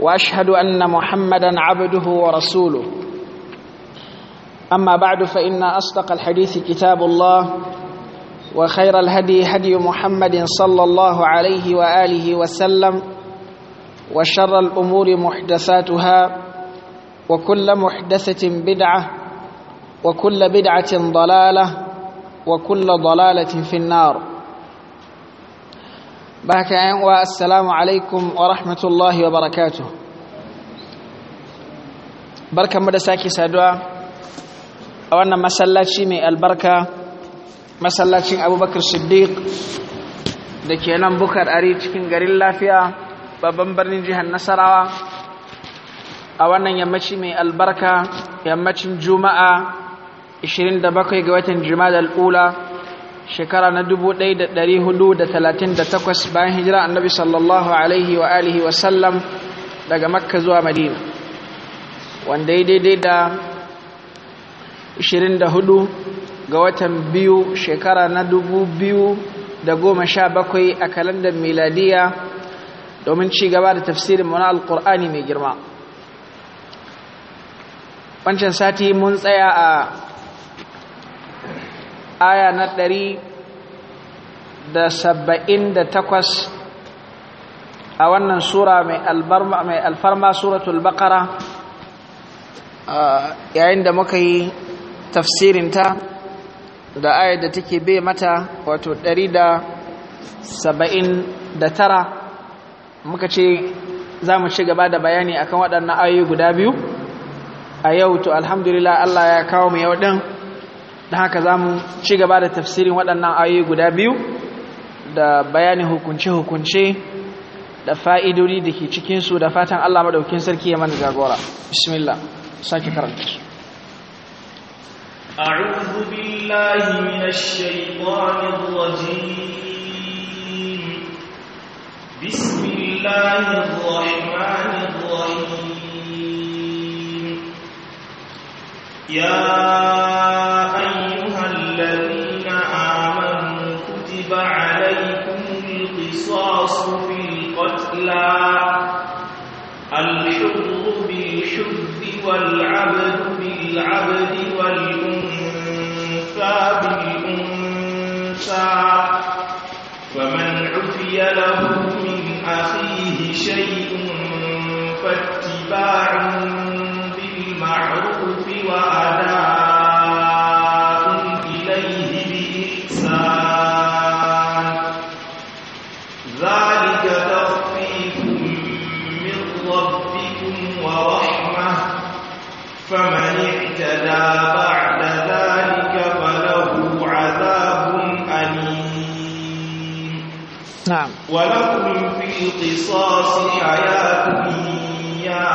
واشهد ان محمدا عبده ورسوله اما بعد فان اصدق الحديث كتاب الله وخير الهدي هدي محمد صلى الله عليه واله وسلم وشر الامور محدثاتها وكل محدثه بدعه وكل بدعه ضلاله وكل ضلاله في النار baka yan uwa assalamu alaikum wa rahmatullahi wa barakatuh mu da sake saduwa a wannan masallaci mai albarka masallacin abubakar siddiq da ke nan bukar ari cikin garin lafiya babban birnin jihar nasarawa a wannan yammaci mai albarka yammacin juma'a 27 ga watan juma'a al'ula shekara na da 1438 bayan hijira annabi sallallahu alaihi wa alihi wa sallam daga makka zuwa madina wanda ya daidai da 24 ga watan biyu shekara na goma sha bakwai a kalandar miladiya domin ci gaba da tafsirin mana alkur'ani mai girma wancan sati mun tsaya a aya na ɗari da saba'in da takwas a wannan sura mai alfarma suratul baqara yayin da muka yi tafsirinta da ayar da take bai mata wato ɗari da saba'in da tara muka ce za mu ci gaba da bayani akan waɗannan ayoyi guda biyu a yau to alhamdulillah Allah ya kawo mu yau ɗin da haka za mu ci gaba da tafsirin waɗannan ayoyi guda biyu da bayanin hukunce-hukunce da fa'idori da ke cikinsu da fatan Allah maɗaukin sarki ya mana jagora bismillah sake karanta su أعوذ بالله من الشيطان الرجيم بسم الله الرحمن الرحيم يا فعليكم القصاص في القتلى الحر بالحر والعبد بالعبد والأنثى بالأنثى فمن عفي له من أخيه شيء فاتباع بالمعروف وأداء نعم ولكم في القصاص حياة يا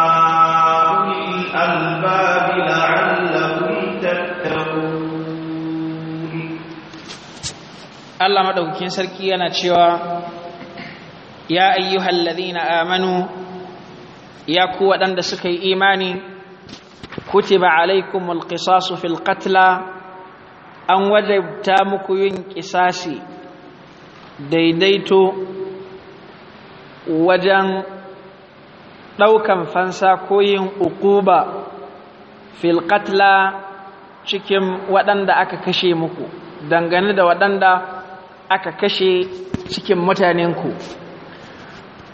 أولي الألباب لعلكم تتقون الله مدوكين سركي أنا تشوى يا أيها الذين آمنوا يا قوة أند سكي إيماني كتب عليكم القصاص في القتلى أن وجبت مكوين قصاصي daidaito wajen ɗaukan fansa ko yin uquba filkatla cikin waɗanda aka kashe muku dangane da waɗanda aka kashe cikin mutanenku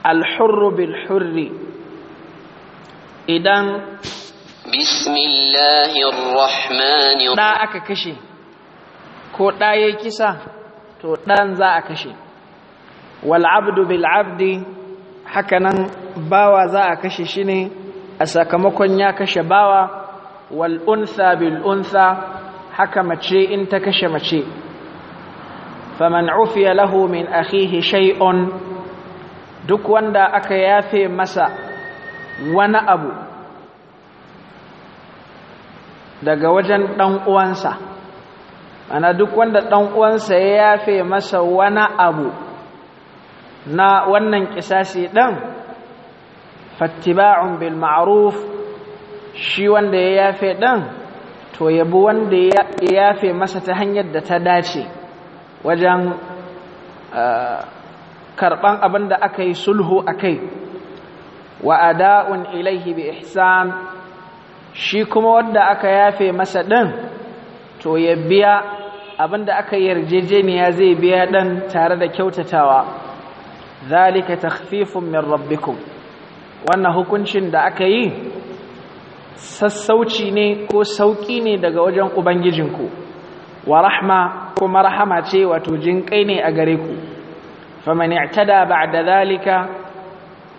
alhurru bilhurri idan bismillahirrahmanirrahim da aka kashe ko ɗaya kisa to ɗan za a kashe wal'abdu bil'abdi hakanan bawa za a kashe shine, a sakamakon ya kashe bawa wal'unsa bil'unsa haka mace in ta kashe mace faman ufiya lahu min akhihi shay'un duk wanda aka yafe masa wani abu daga wajen ɗan uwansa ana duk wanda ɗan uwansa ya yafe masa wani abu na wannan kisasi ɗan fattiba'un bil ma'ruf shi wanda ya yafe ɗan to yabi wanda ya yafe masa ta hanyar da ta dace wajen eh, karɓan abin da aka yi sulhu a kai wa ada'un ilaihi bi ihsan shi kuma wanda aka yafe masa ɗin to ya biya abinda aka yi yarjejeniya zai biya dan tare da kyautatawa zalika takhfifun min rabbikum wannan hukuncin da aka yi sassauci ne ko sauki ne daga wajen ubangijinku wa rahma kuma rahama ce wato jinkai ne a gare ku faman i'tada ba'da zalika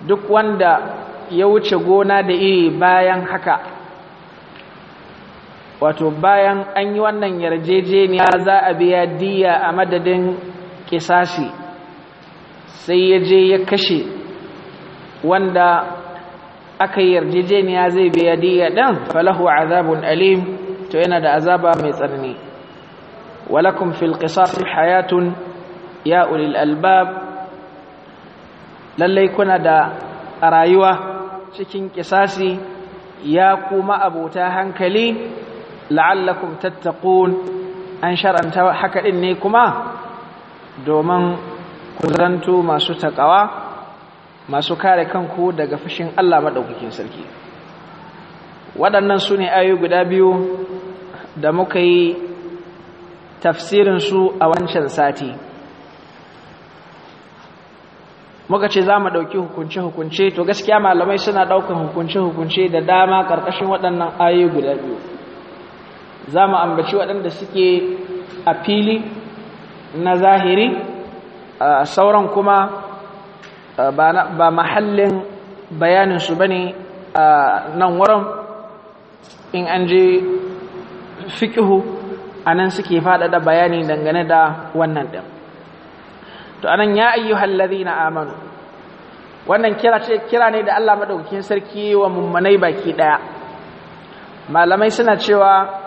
duk wanda ya wuce gona da iri bayan haka wato bayan an yi wannan yarjejeniya za a biya diya a madadin kisasi sai ya je ya kashe wanda aka yi yarjejeniya zai biya diya ɗan falahu azabun alim to yana da azaba mai tsanani walakun fil kisasi hayatun ya ulil albab lallai kuna da rayuwa cikin kisasi ya kuma abota hankali la'allakum tattaqun an shar'anta haka din ne kuma domin ku zanto masu takawa masu kare kanku daga fushin Allah madaukakin sarki waɗannan su ne ayoyi guda biyu da muka yi tafsirin su a wancan sati muka ce za mu ɗauki hukunce-hukunce to gaskiya malamai suna ɗaukan hukunce-hukunce da dama ƙarƙashin waɗannan ayoyi guda biyu za mu ambaci waɗanda suke a fili na zahiri sauran kuma ba mahallin bayaninsu ba ne a nan wurin in an je fikihu a nan suke faɗaɗa bayani dangane da wannan ɗin to anan ya ayyuhal na amanu wannan kira ce kira ne da Allah madaukakin sarki wa mummanai baki ɗaya. malamai suna cewa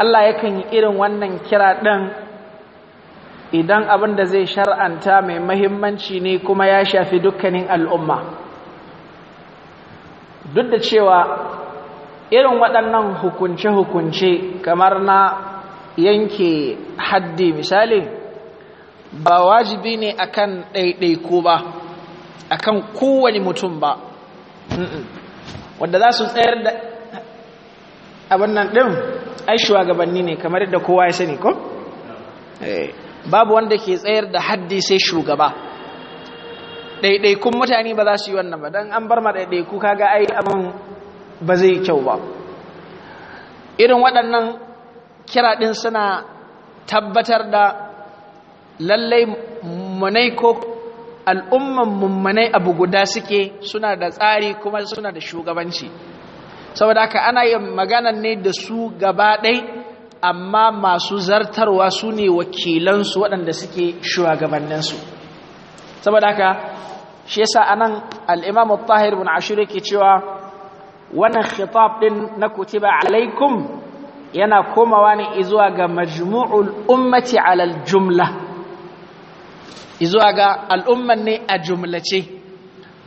Allah yakan yi irin wannan kira ɗin idan abin da zai shar'anta mai mahimmanci ne kuma ya shafi dukkanin al'umma duk da cewa irin waɗannan hukunce-hukunce kamar na yanke haddi misali ba wajibi ne akan ɗaiɗaiku ba akan kowane mutum ba wanda za su tsayar da abin nan ɗin ai shugabanni ne kamar yadda kowa ya sani ko eh, babu wanda ke tsayar da haddi sai shugaba ɗaiɗaikun mutane ba za su yi wannan ba don an bar ma ɗaiɗaiku kaga ai abin ba zai kyau ba irin waɗannan kira ɗin suna tabbatar da lallai munai ko al'umman mummanai abu guda suke suna da tsari kuma suna da shugabanci saboda haka ana yin magana ne da su gaba ɗai amma masu zartarwa su ne wakilansu waɗanda suke shugabanninsu saboda haka shi yasa anan al'imamu tahir bin ashiru ke cewa wannan khitab ɗin na kutiba alaikum yana komawa ne izuwa ga majmu'ul ummati alal jumla izuwa ga al'umman ne a jumlace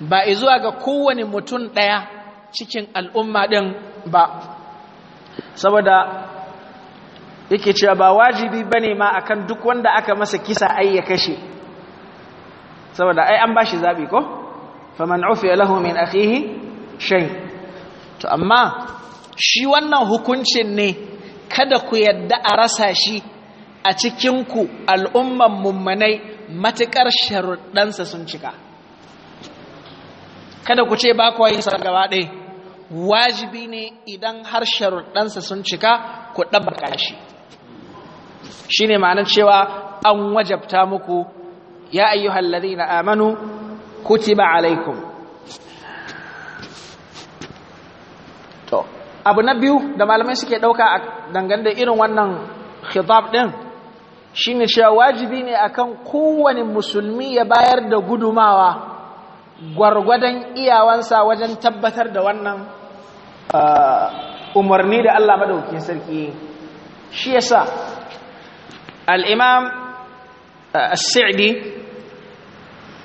ba izuwa ga kowane mutum ɗaya cikin al'umma ɗin ba saboda yake cewa ba wajibi bane ne ma akan duk wanda aka masa kisa ai ya kashe saboda ai an ba shi zaɓi ko faman ufi lahu min akhihi to amma shi wannan hukuncin ne kada ku yadda a rasa shi a cikin ku al'umman mummanai matuƙar sharuɗansa sun cika kada ku ce ba kuwa yin sargaba gaba ɗaya wajibi ne idan har sharuɗansa sun cika ku ɗabbaka shi shi ne ma'anar cewa an wajabta muku ya hallari ladina amanu ku ba alaikum to abu na biyu da malamai suke ɗauka a dangane da irin wannan khidab ɗin shi ne cewa wajibi ne akan kowane musulmi ya bayar da gudumawa gwargwadon iyawansa wajen tabbatar da wannan uh, umarni da Allah madaukakin sarki shi yasa al-imam uh, as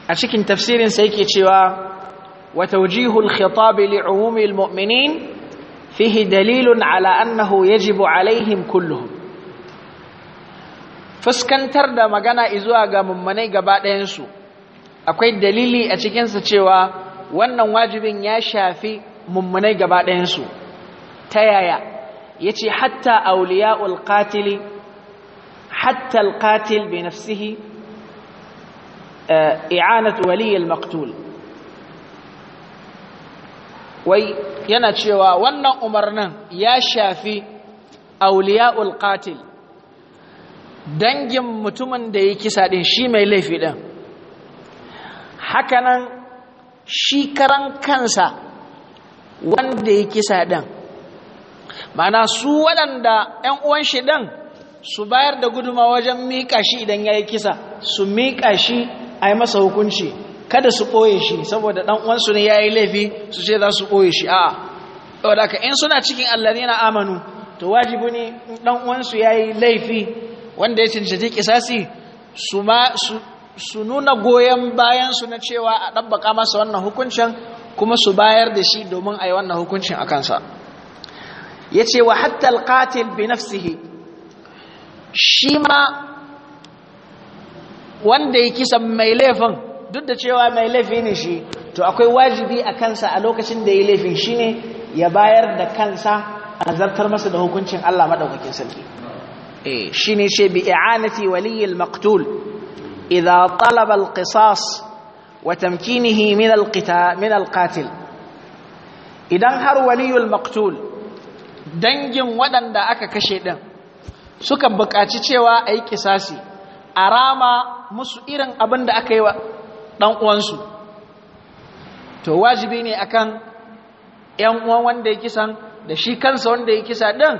a cikin tafsirinsa yake cewa wa tawjihul khitab li'umumil mu'minin fihi dalilun ala annahu yajibu alaihim kulluhum fuskantar da magana izuwa ga mummanai gaba ɗayansu akwai dalili a cikinsa cewa wannan wajibin ya shafi mummunai gaba ɗayansu ta yaya ya ce hatta auliya ulƙatili hatta alƙatil bi nafsihi i'anat waliyyar maktul wai yana cewa wannan umarnin ya shafi auliya ulƙatil dangin mutumin da ya kisa ɗin shi mai laifi ɗin hakanan shi karan kansa wanda ya kisa ɗan mana su waɗanda ‘yan uwan shi ɗan su bayar da guduma wajen miƙa shi idan ya yi kisa su miƙa shi a yi masa hukunci kada su ɓoye shi saboda ɗan uwansu ne ya yi laifi su ce za su ɓoye shi a ɗaudaka in suna cikin allari na amanu to wajibu ne ɗan uwansu ya yi laifi wanda ya cancanci kisasi su ma su su nuna goyon bayansu na cewa a ɗabbaka masa wannan hukuncin kuma su bayar da shi domin a yi wannan hukuncin a kansa ya ce wa hatta alƙatil binafsihi. nafsihi shi ma wanda ya kisa mai laifin duk da cewa mai laifi ne shi to akwai wajibi a kansa a lokacin da ya laifin shi ne ya bayar da kansa a zartar masa da hukuncin Allah maɗaukakin sarki eh, shi ne ce bi i'anati maktul إذا طلب القصاص وتمكينه من القتال من القاتل idan har waliyul maktul dangin waɗanda aka kashe ɗin suka buƙaci cewa a yi ƙisasi a rama musu irin abin da aka yi wa ɗan'uwansu to wajibi ne akan ‘yan uwan wanda ya kisan da shi kansa wanda ya kisa ɗin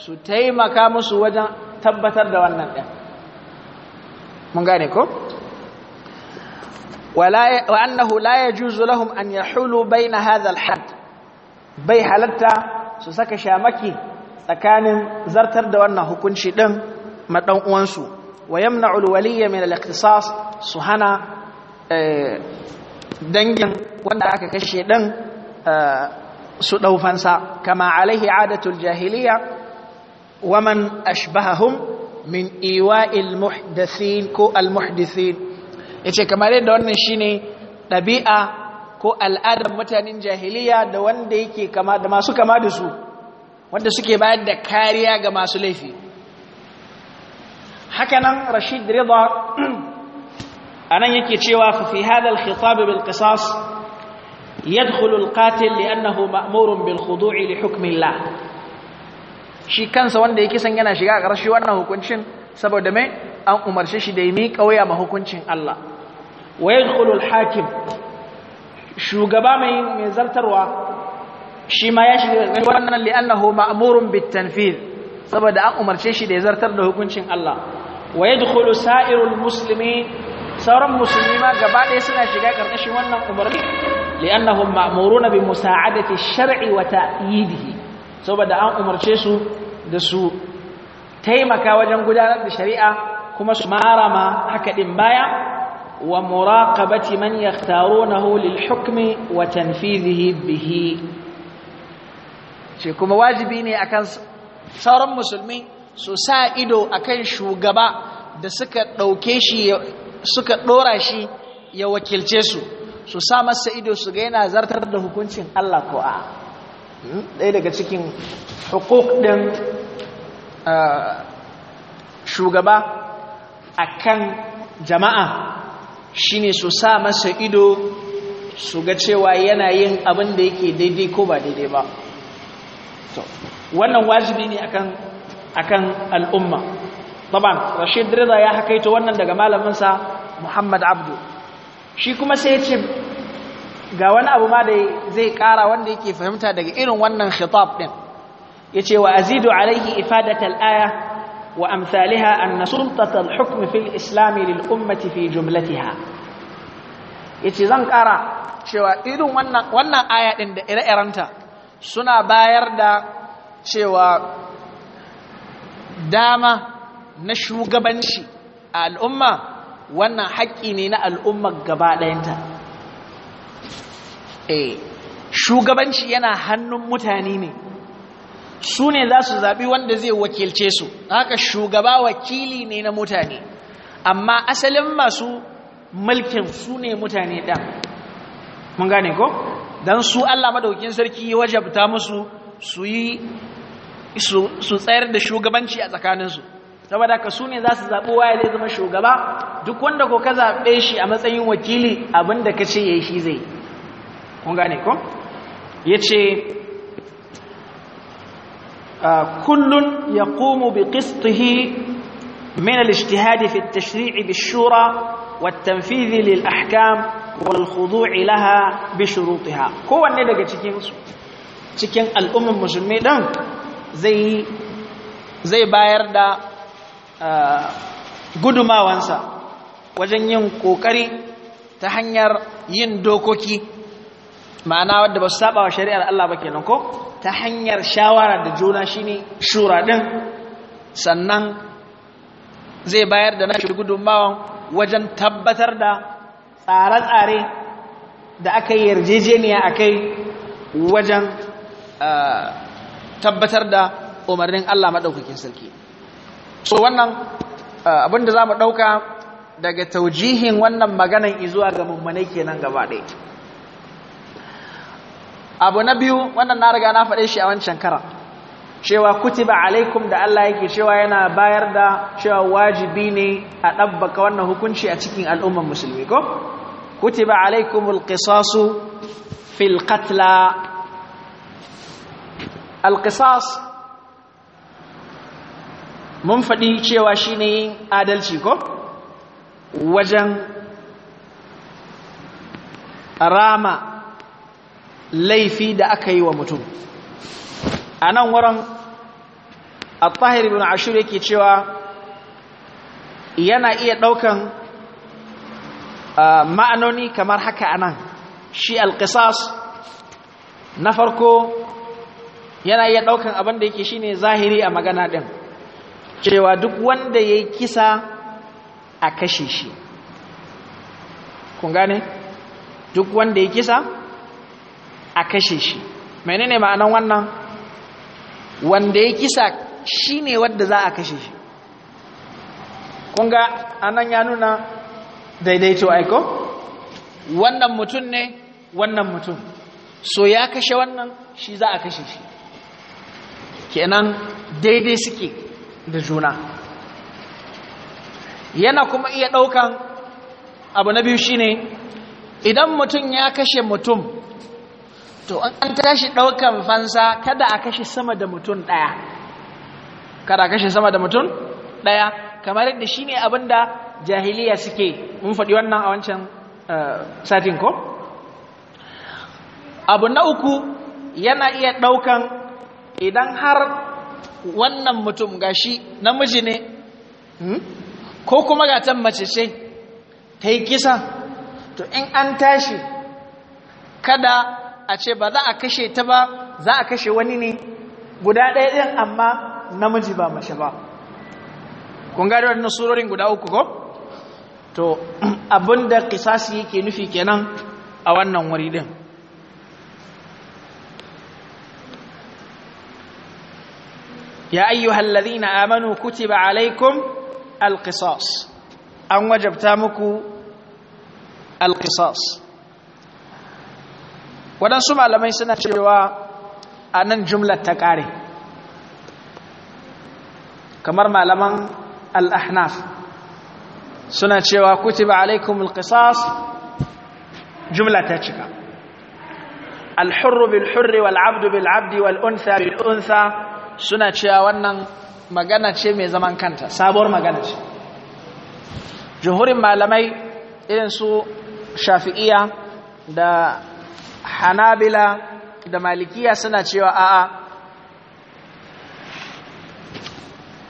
su taimaka musu wajen tabbatar da wannan ɗin mun gane ko wa annahu la yajuzu lahum an yahulu baina hadha al-hadd bai halatta su saka shamaki tsakanin zartar da wannan hukunci din ma ɗan uwansu wa yamna'u al-waliyya min al su hana eh, dangin wanda aka kashe ɗin eh, su ɗaufansa kama alaihi adatul jahiliya man ashbahahum min iwa'il ilmuhdasin ko almuhdasin muhdathin yace kamar yadda wannan shine dabi'a ko al'adar mutanen jahiliya da wanda yake kama da masu kama da su wanda suke bayar da kariya ga masu laifi hakanan Rashid a anan yake cewa fa fi hadha al-khitab bil qisas annahu القاتل bil مأمور li لحكم الله shi kansa wanda ya kisan yana shiga a ƙarshe wannan hukuncin saboda mai an umarce shi da yi miƙa wuya ma hukuncin Allah wa yadkhulu hakim shugaba mai mai zartarwa shi ma ya shiga ƙarshe wannan li'annahu ma'murun bit-tanfidh saboda an umarce shi da ya zartar da hukuncin Allah wa yadkhulu sa'irul muslimin sauran musulmi ma gaba ɗaya suna shiga ƙarƙashin wannan umarni li'annahum ma'muruna bi musa'adati ash-shar'i wa ta'yidihi saboda an umarce su da su taimaka wajen gudanar da shari'a kuma su marama ma haka din baya wa muraqabati man na lil hukmi wa tanfizihi bihi ce kuma wajibi ne akan sauran musulmi su sa ido akan shugaba da suka dauke shi suka dora shi ya wakilce su su sa masa ido su ga yana zartar da hukuncin Allah ko a'a ɗaya daga cikin hukuk ɗin shugaba a kan jama'a shine su sa masa ido su ga cewa yana yin abin da yake daidai ko ba daidai ba wannan wajibi ne a kan al'umma taban rashid rida ya hakaito wannan daga malaminsa muhammad abdu shi kuma sai ya ce ga wani abu ma da zai kara wanda yake fahimta daga irin wannan khitab din yace wa azidu alaihi ifadatal aya wa amsalha anna sultat al-hukm fi al-islam lil ummati fi jumlatiha yace zan kara cewa irin wannan wannan aya din da ire-irenta suna bayar da cewa dama na shugabanci a al'umma wannan haƙƙi ne na al'ummar gaba ɗayanta eh shugabanci yana hannun mutane ne su ne za su zaɓi wanda zai wakilce su haka shugaba wakili ne na mutane amma asalin masu mulkin su ne mutane ɗan mun gane ko don su allah madaukin sarki wajabta musu su yi su tsayar da shugabanci a tsakaninsu saboda ka su ne za su zaɓi waya zai zama shugaba duk wanda ko ka zaɓe shi a matsayin wakili abinda ka ce ya yi shi zai yi. kun gane ko ya ce ah, kullum ya kumu bi kistuhi minalijtihadi ishtihadi fi tashri'i bishura shura wattanfizi lil ahkam wal khudu'i laha bi shurutiha kowanne daga cikin cikin al'umman musulmi din zai zai bayar da ah, gudumawansa wajen yin kokari ta hanyar yin dokoki ma'ana wadda ba su saba wa shari'ar Allah ba kenan ko ta hanyar shawara da juna shine shura ɗin sannan zai bayar da nashi gudunmawan wajen tabbatar da tsare-tsare da aka yi yarjejeniya a kai wajen tabbatar da umarnin Allah maɗaukakin sarki so wannan abinda za mu ɗauka daga taujihin wannan maganan izuwa ga mummanai kenan gaba ɗaya abu na biyu wannan na riga na faɗe shi a wancan kara cewa kutiba alaikum da Allah yake cewa yana bayar da cewa wajibi ne a ɗabbaka wannan hukunci a cikin al'ummar musulmi ko kutiba alaikumul qisasu fil qatla alqisas mun faɗi cewa shine adalci ko wajen rama laifi da aka yi wa mutum a nan wurin al-tahir ibn ashur yake cewa yana iya ɗaukan uh, ma'anoni kamar haka anan shi al-qisas na farko yana iya ɗaukan abin da yake shine zahiri a magana ɗin cewa duk wanda ya kisa a kashe shi kun gane duk wanda ya kisa a kashe shi menene ma'anan wannan wanda ya kisa shine ne za a kashe shi kunga anan ya nuna daidaito aiko wannan mutum ne wannan mutum so ya kashe wannan shi za a kashe shi kenan daidai suke da juna yana kuma iya ɗaukan abu na biyu shine idan mutum ya kashe mutum to an tashi ɗaukan fansa kada a kashe sama da mutum ɗaya kada a kashe sama da mutum ɗaya kamar yadda shi ne abin da jahiliya suke mun faɗi wannan a wancan eh, satin ko abu na uku yana iya ɗaukan idan har wannan mutum gashi namiji ne hmm? ko kuma ga tan mace ce ta yi kisa to in an tashi kada a ce ba za a kashe ta ba za a kashe wani ne guda ɗaya ɗin amma namiji ba mace ba kun gada wadannan surorin guda uku ko to da kisasi yake nufi kenan a wannan wuri ɗin ya ayyuhal na amanu kuti ba alaikum alkisos an wajabta muku alkisos waɗansu malamai suna cewa a nan jumlar ta ƙare kamar malaman al'ahnaf suna cewa kutiba alaikum alƙisas jumla ta cika alhurru bilhurri wal'abdu bil'abdi wal'unsa bil'unsa suna cewa wannan magana ce mai zaman kanta sabuwar magana ce jihurin malamai irin su shafi'iya da hanabila da malikiya suna cewa a'a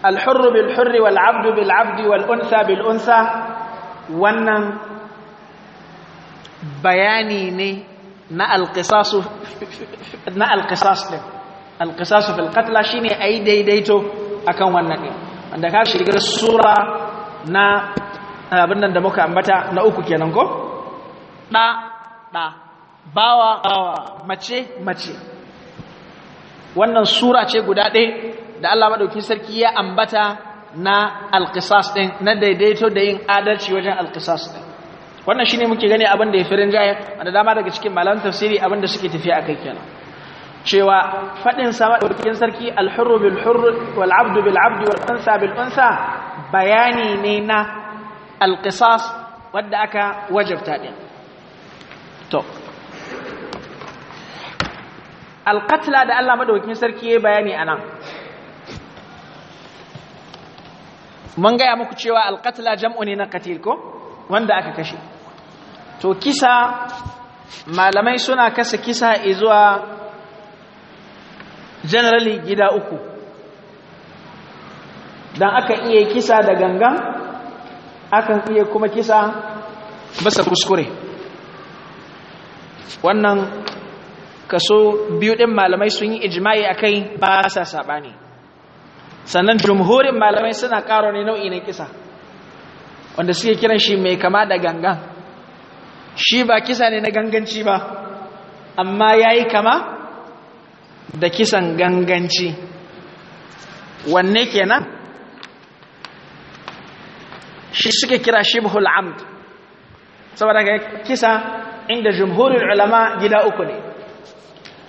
alhurru bil hurri wal abdu bil abdi wal unsa bil unsa wannan bayani ne na alqisasu na alqisas din alqisasu fil qatla shine ai daidaito akan wannan din wanda ka shiga sura na abin nan da muka ambata na uku kenan ko da da bawa bawa mace mace wannan sura ce guda ɗaya da Allah maɗauki sarki ya ambata na alƙisas ɗin na daidaito da yin adalci wajen alƙisas ɗin wannan shine muke gani abin da ya fi jaya wanda dama daga cikin malaman tafsiri abin da suke tafiya a kai kenan cewa faɗin sama ɗaukin sarki alhurru bil hurru wal abdu bil abdu wal unsa bil unsa bayani ne na alƙisas wadda aka wajabta ɗin alƙatla da Allah maɗaukin sarki ya bayani a nan mun gaya muku cewa alƙatla jam'u ne na katil wanda aka kashe to kisa malamai suna kasa kisa zuwa generally gida uku don aka iya kisa da gangan aka iya kuma kisa basa kuskure wannan kaso biyu ɗin malamai sun yi ijma'i a kai ba sa saɓani sannan jumhurin malamai suna ƙaro ne nau'i na kisa wanda suke kiran shi mai kama da gangan shi ba kisa ne na ganganci ba amma ya yi kama da kisan ganganci wanne kenan shi suke kira shi shibhul amd saboda kisa inda jumhurin ulama gida uku ne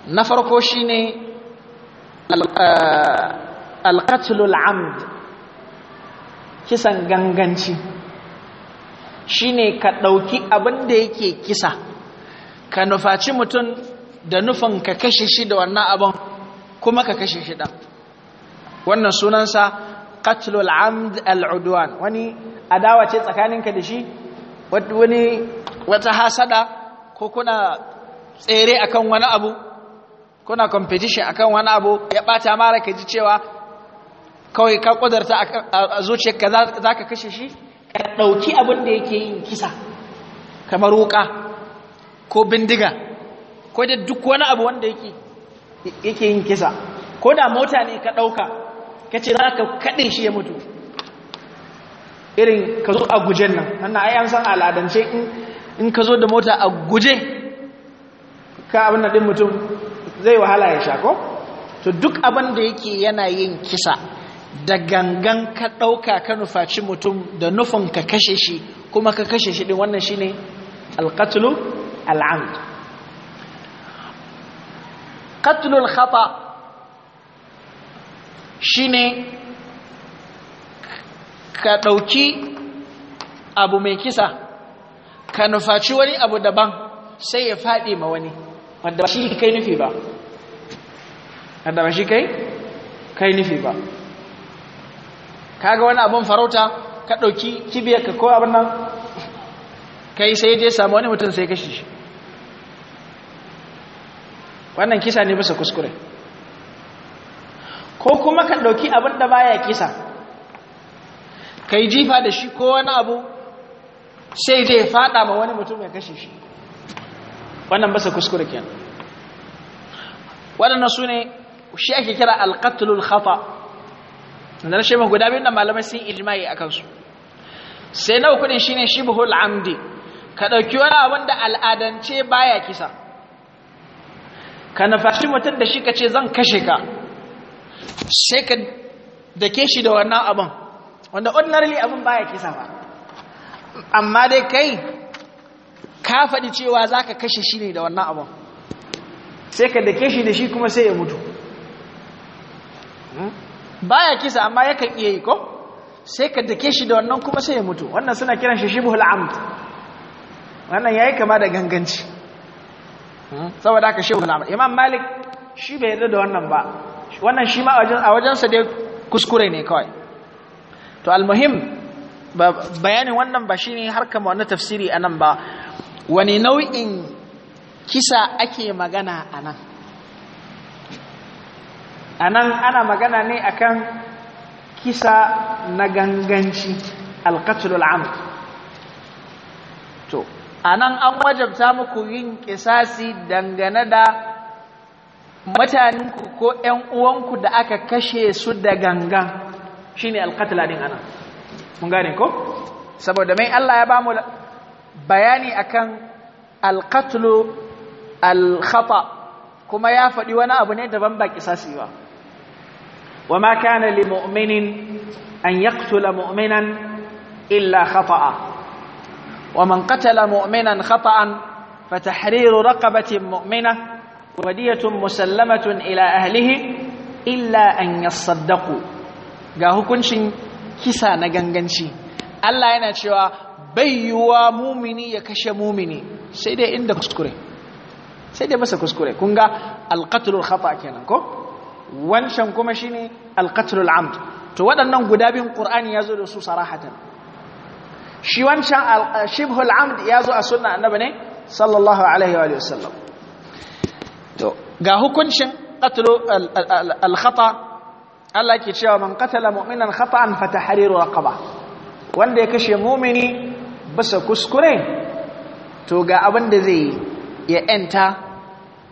na farko shi ne eh, alqatlul amd kisan ganganci shi ne ka ɗauki abin da yake kisa ka nufaci mutum da nufin ka kashe shi da wannan abin kuma ka kashe shi ɗan wannan sunansa qatlul amd al’uduwan wani adawa ce tsakaninka da shi wani wata hasada ko kuna tsere akan wani abu kuna competition akan wani abu ya bata mara ka ji cewa kawai ka kudarta a zuciyarka za ka kashe shi ka ɗauki abin da yake yin kisa kamar wuka ko bindiga ko da duk wani abu wanda yake yin kisa ko da mota ne ka ɗauka ka ce za ka kaɗe shi ya mutu irin ka zo a gujen nan wannan ai an san al'adance in ka zo da mota a guje ka abin da ɗin mutum zai wahala ya shako to duk abin da yake yana yin kisa da gangan ka ɗauka ka nufaci mutum da nufin ka kashe shi kuma ka kashe shi ɗin wannan shine alƙatulu al'amd ƙatulul khata shine ka ɗauki abu mai kisa ka nufaci wani abu daban sai ya faɗi ma wani wanda ba shi kai nufi ba wanda ba shi kai kai nufi ba kaga wani abun farauta ka ɗauki kibiyar ka ko abin nan kai sai dai samu wani mutum sai kashi shi wannan kisa ne bisa kuskure ko kuma ka ɗauki abin da baya kisa kai jifa da shi ko wani abu sai zai fada ma wani mutum ya kashe shi wannan ba basa kuskure kenan waɗannan su ne shi ake kira alƙatulul hafa da na shebin guda biyu na malamai sun ijma'i a kansu sai na hukudin shi shibhul amdi ka ɗauki wani abin da al'adance baya kisa ka fashi mutum da shi ka ce zan kashe ka sai ka dake shi da wannan abin wanda ordinarily abin baya kisa ba amma dai kai ka faɗi cewa za ka kashe shi ne da wannan abin sai ka dake shi da shi kuma sai ya mutu hmm? baya kisa amma yakan iya yi ko sai ka dake shi da wannan kuma sai ya mutu wannan suna kiran shi shibhul amd wannan ya yi kama da ganganci hmm? saboda haka shibhul amd imam malik shi bai yarda da wannan ba wannan shi ma a wajensa dai kuskure ne kawai to almuhim bayanin wannan ba shi ne harkar wani tafsiri anan ba wani nau'in kisa ake magana a nan a nan ana magana ne akan kisa na ganganci alkatulul amur to a nan an wajabta muku yin kisasi dangane da mutanenku ko ‘yan uwanku da aka kashe su da gangan shi ne alkatula din ana mun gane ko saboda mai Allah ya ba mu bayani akan alqatlu alkhata kuma ya faɗi wani abu ne daban ba kisasi ba ma kana limu'minin an yaqtula mu'minan illa khata'a waman qatala mu'minan khata'an فتحرير رقبة mu'mina ودية musallamatun ila ahlihi illa أن يصدقوا ga hukuncin kisa na ganganci Allah yana cewa bayyuwa mumini ya kashe mumini sai dai inda kuskure sai dai masa kuskure kun ga alqatlul khata kenan ko wancan kuma shine alqatlul amd to waɗannan guda bin qur'ani yazo da su sarahatan shi wancan shibhul amd yazo a sunna annabi ne sallallahu alaihi wa sallam to ga hukuncin qatlu al khata Allah ke cewa man qatala mu'minan khata'an fa tahriru raqaba wanda ya kashe mumini basa kuskure to ga abin da zai ya yanta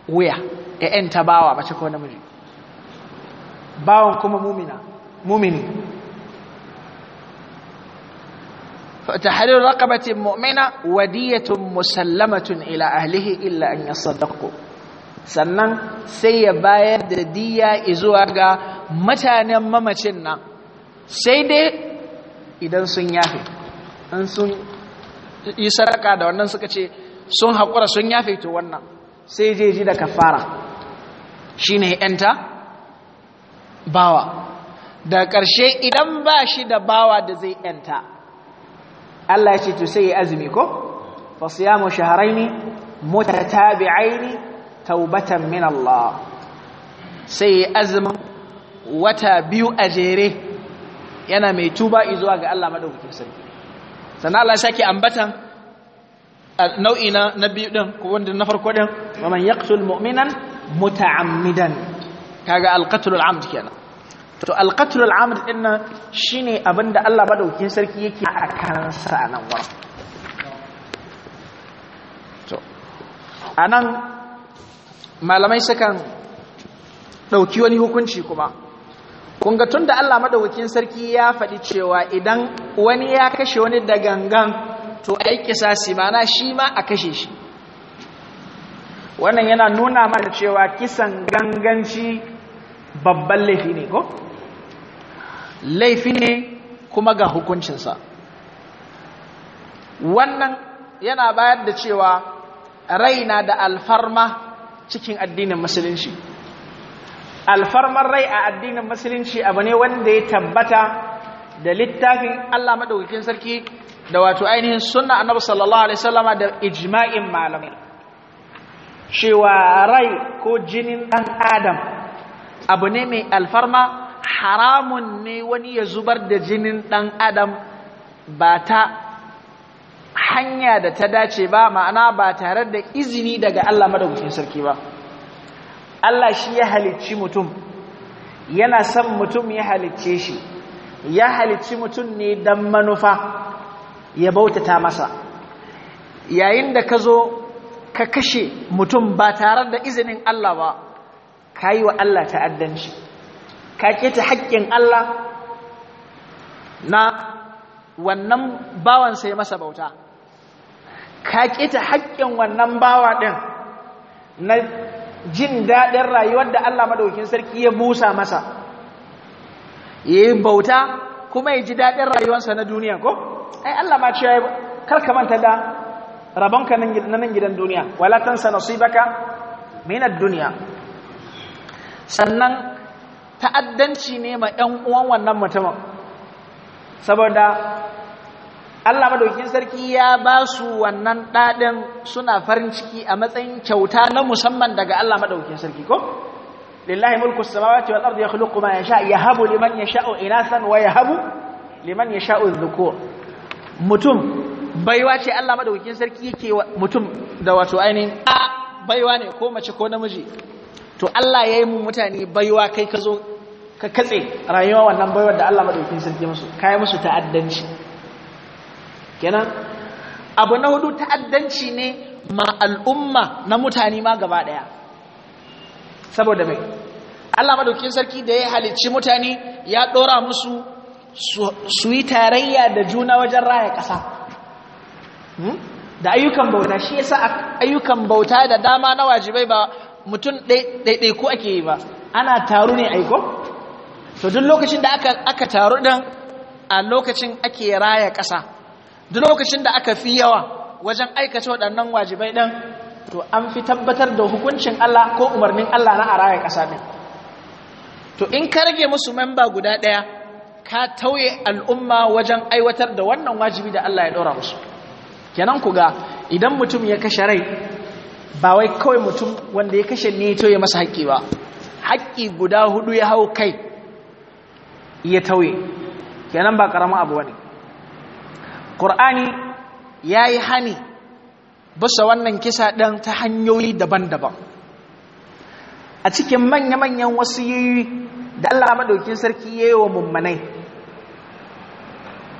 wuya ya yanta bawa mace ko namiji bawan kuma mumina mumini فتحرير رقبة مؤمنة ودية مسلمة إلى illa an أن يصدقوا sannan sai ya bayar da diya izuwa ga mutanen mamacin nan sai dai idan sun yafe yi sadaka da wannan suka ce sun haƙura sun yafe to wannan sai je ji da kafara shi ne ‘yanta bawa da ƙarshe idan ba shi da bawa da zai ‘yanta Allah ya ce to sai ya azumi ko fasiyamu shaharaini mutatabi'aini taubatan min Allah sai ya azumin wata biyu a jere yana mai tuba zuwa ga Allah madaukakin sarki sannan Allah shaki ambatan nau'i na nabiyu biyu din ko wanda na farko din wa man yaqtul mu'minan muta'ammidan kaga alqatl al'amd kenan to alqatl al'amd shine abinda Allah madaukakin sarki yake a kansa nan wurin to anan malamai sukan dauki wani hukunci kuma Kunga tun da Allah madaukakin sarki ya faɗi cewa idan wani ya kashe wani da gangan to ai kisasi mana shi ma a kashe shi wannan yana nuna mana cewa kisan ganganci babban laifi ne ko laifi ne kuma ga hukuncinsa wannan yana bayar da cewa raina da alfarma cikin addinin musulunci alfarmar rai a addinin musulunci abu ne wanda ya tabbata da littafin Allah madaukakin sarki da wato ainihin sunna annabi sallallahu alaihi wasallama da ijma'in malamai cewa rai ko jinin dan adam abu ne mai alfarma haramun ne wani ya zubar da jinin dan adam ba ta hanya da ta dace ba ma'ana ba tare da izini daga Allah madaukakin sarki ba Allah shi ya halicci mutum yana son mutum ya halicce shi ya halicci mutum ne don manufa ya bautata masa yayin da ka zo ka kashe mutum ba tare da izinin Allah ba ka yi wa Allah ta'addanci ka keta haƙƙin Allah na wannan bawan sai masa bauta ka keta haƙƙin wannan bawa ɗin na jin daɗin rayuwar da Allah madaukin sarki ya busa masa ya yi bauta kuma ya ji daɗin rayuwarsa na duniya ko ai Allah ma cewa kar ka manta da rabonka na nan gidan duniya wala tansa baka minar duniya sannan ta'addanci ne ma yan uwan wannan mutumin saboda Allah madaukin sarki ya ba su wannan ɗaɗin suna farin ciki a matsayin kyauta na musamman daga Allah madaukin sarki ko lillahi mulku samawati wal ardi yakhluqu ma yasha yahabu liman yasha'u inasan wa yahabu liman yasha'u dhukur mutum baiwa ce Allah madaukakin sarki yake mutum da wato ainihin a baiwa ne ko mace ko namiji to Allah ya yi mu mutane baiwa kai ka zo ka katse rayuwa wannan baiwar da Allah madaukakin sarki musu kai musu ta'addanci kenan abu na hudu ta'addanci ne ma al'umma na mutane ma gaba daya saboda mai Allah madaukin sarki da ya halicci mutane ya dora musu su yi tarayya da juna wajen raya ƙasa hmm? da ayyukan bauta shi yasa ayyukan bauta da dama na wajibai ba mutum ko ake yi ba ana taru ne aiko to duk lokacin da aka taru ɗin a lokacin ake raya ƙasa duk lokacin da aka fi yawa wajen aikata waɗannan wajibai ɗin to an fi tabbatar da hukuncin Allah ko umarnin Allah na a rayar ƙasa ɗin to in ka rage musu memba guda ɗaya ka tauye al'umma wajen aiwatar da wannan wajibi da Allah ya ɗora musu kenan ku ga idan mutum ya kashe rai ba wai kawai mutum wanda ya kashe ne ya masa haƙƙi ba haƙƙi guda hudu ya hau kai ya tauye kenan ba ƙaramin abu wani ƙur'ani ya yi hani bisa wannan kisa ɗan ta hanyoyi daban-daban a cikin manya-manyan wasu yi da Allah maɗaukin sarki ya yi wa mummanai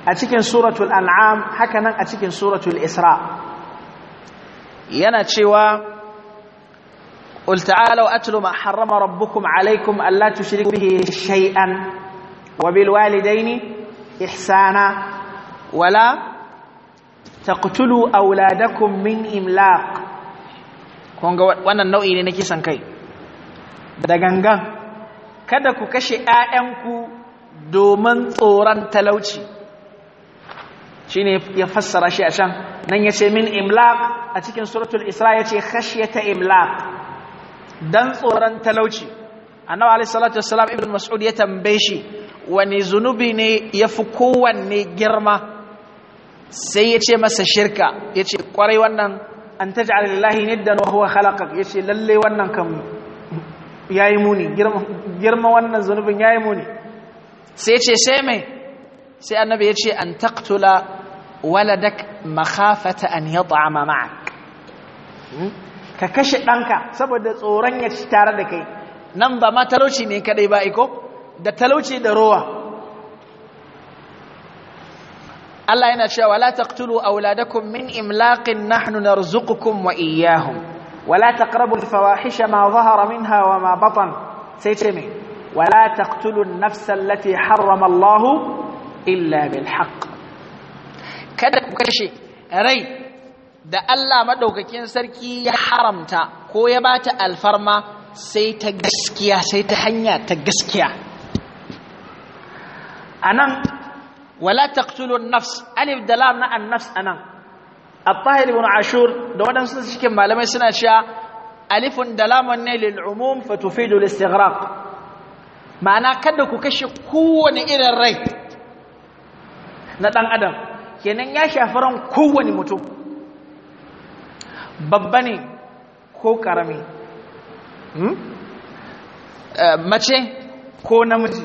a cikin suratul an'am haka nan a cikin suratul isra yana cewa قل تعالوا أتل rabbukum alaikum allah عليكم ألا shai'an wa bil وبالوالدين ihsana wala taqtulu auladakum min imlaq kun ga wannan nau'i ne na kisan kai da gangan kada ku kashe ƴaƴanku domin tsoron talauci shine ya fassara shi a can nan yace min imlaq a cikin suratul isra yace khashyata imlaq dan tsoron talauci annabi alayhi salatu wassalam ibnu mas'ud ya tambaye shi wani zunubi ne yafi kowanne girma sai ya ce masa shirka ya ce kwarai wannan an ta ja'ar ya ce lalle wannan kan yi muni girma wannan zunubin yi muni sai ya ce sai mai sai annabi ya ce an taqtula waladak makafata an yat'ama ma'ak hmm? ka kashe ɗanka saboda tsoron ya ci tare da kai nan ba ma talauci ne kadai ba iko da talauci da rowa Allah yana cewa la taqtulu auladakum min imlaqin nahnu narzuqukum wa iyyahum wala taqrabu al-fawahisha ma dhahara minha wa ma batan sai ce me wala taqtulu nafsa allati harrama Allah illa bil haqq kada ku kashe rai da Allah madaukakin sarki ya haramta ko ya bata alfarma sai ta gaskiya sai ta hanya ta gaskiya anan wala taktulun nafs alif da na an-nafs anan at ibn ashur da wadansu cikin malamai suna cewa alifun da lamun ne lil umum fa tufidu al-istighraq ma'ana kada ku kashe kowane irin rai na dan adam kenan ya shafi ran kowane mutum babba ne ko karami hmm? eh, mace ko namiji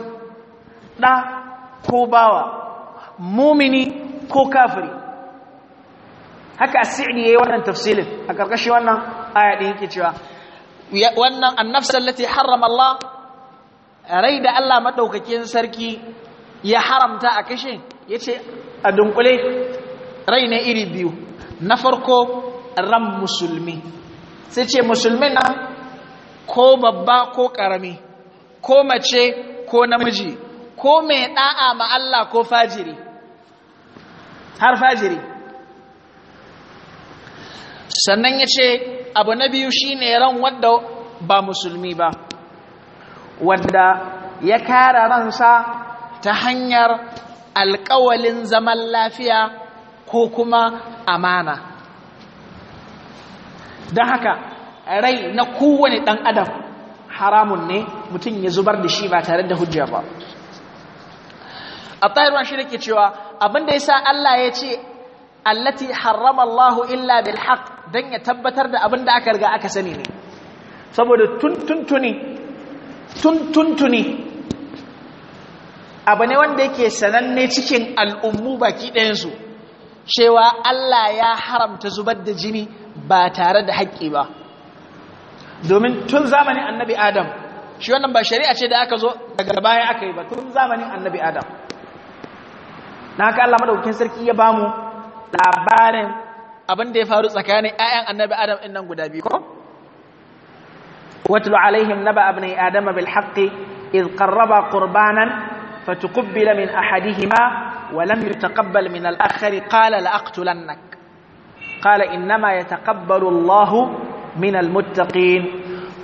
ɗa ko bawa mumini ko kafiri haka as ya yayi wannan tafsilin a karkashin wannan aya din yake cewa wannan an-nafs allati harrama Allah rai da Allah madaukakin sarki ya haramta a kashe yace a dunkule rai na iri biyu na farko ran musulmi sai ce musulmin nan ko babba ko karami ko mace ko namiji ko mai ɗa'a ma Allah ko fajiri har fajiri sannan ya ce abu na biyu shi ne ran wadda ba musulmi ba wadda ya kara ransa ta hanyar alkawalin zaman lafiya ko kuma amana don haka rai na kowane ɗan adam haramun ne mutum ya zubar da shi ba tare da hujja ba abtahirwan shi ke cewa abin da sa Allah ya ce allati harrama Allah illa bil haq dan ya tabbatar da abinda aka riga aka sani ne saboda tuntuntuni tuntuntuni abu ne wanda yake sananne cikin al'ummu baki ɗayansu cewa Allah ya haramta zubar da jini ba tare da haƙƙi ba domin tun zamanin annabi adam shi wannan ba shari'a ce da aka zo daga baya aka yi ba tun zamanin annabi adam na haka Allah madaukakin sarki ya bamu labarin abin da ya faru tsakanin ƴaƴan annabi adam ɗin nan guda biyu ko watlu alaihim naba abni adama bil haqqi idh qarraba qurbanan fatuqabbala min ahadihima wa lam yutaqabbal min al akhari qala la aqtulannak qala innama yataqabbalu Allahu min al muttaqin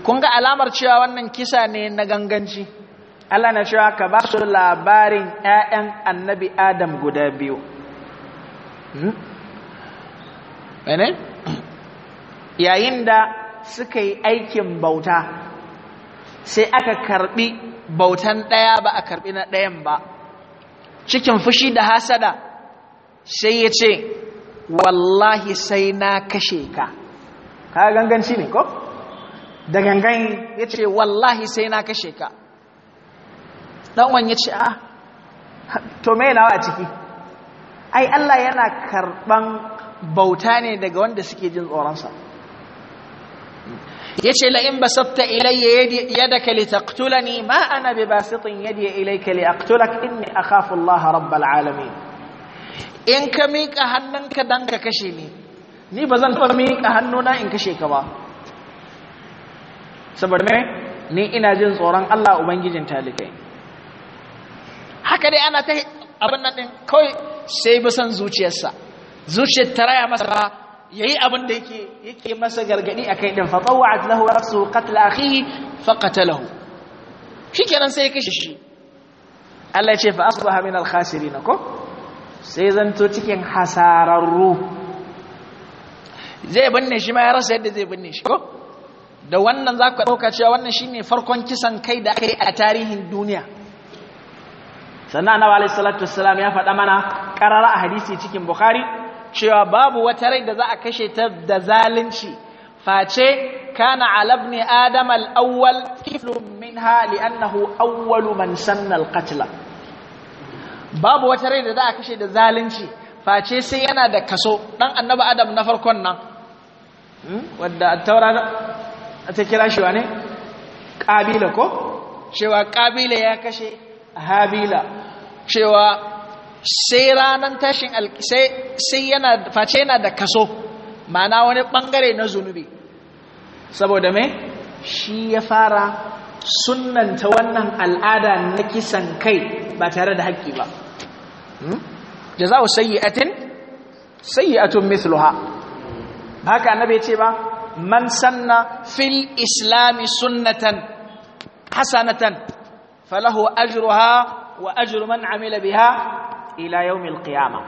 kun ga alamar cewa wannan kisa ne na ganganci Allah na cewa ka ba su labarin ‘ya'yan annabi Adam guda biyu. Hmm? Mene? Yayin da suka yi aikin bauta, sai aka karbi bautan ɗaya ba a karbi na ɗayan ba. Cikin fushi da hasada, sai ya ce, Wallahi sai na kashe ka. Ka ganganci ne, ko? Da gangan ya ce, Wallahi sai na kashe ka. dan wan yace a to me nawa a ciki ai Allah yana karban bauta ne daga wanda suke jin tsoron sa yace la in basatta ilayya yadaka litaqtulani ma ana bibasitin yadi ilayka in inni akhafu Allah rabbal alamin in ka miƙa hannunka dan ka kashe ni ni ba zan taɓa miƙa hannuna in kashe ka ba saboda me ni ina jin tsoron Allah ubangijin talikai haka dai ana ta abin nan ɗin kawai sai bisan zuciyarsa zuciyar ta raya masa ya yi abin da yake masa gargaɗi a kai ɗin faɗawa a lahu a su katla akhihi faƙatalahu shi kenan sai ya kashe shi Allah ce fa asbaha min Alkhasiri na ko sai zanto cikin hasararru zai binne shi ma ya rasa yadda zai binne shi ko da wannan za ku ɗauka cewa wannan shi ne farkon kisan kai da aka yi a tarihin duniya sannan annabi alaihi salatu wassalam ya faɗa mana karara a hadisi cikin bukhari cewa babu wata rai da za a kashe ta da zalunci face kana ala ibn adam al-awwal kiflun minha li'annahu awwalu man sanna al-qatl babu wata rai da za a kashe da zalunci face sai yana da kaso dan annabi adam na farkon nan hmm? wadda taura ta kira shi wane ne kabila ko cewa kabila ya kashe habila cewa sai ranan tashin sai sai yana face yana da kaso mana wani bangare na zunubi saboda mai, shi ya fara sunanta wannan al'ada na kisan kai ba tare da haƙƙi ba Da hmm? za jaza'u sayyi'atin sayyi'atun ba haka na bai ce ba man sanna fil islami sunnatan hasanatan falahu ajruha wa ajru man amila biha ila yawmil qiyamah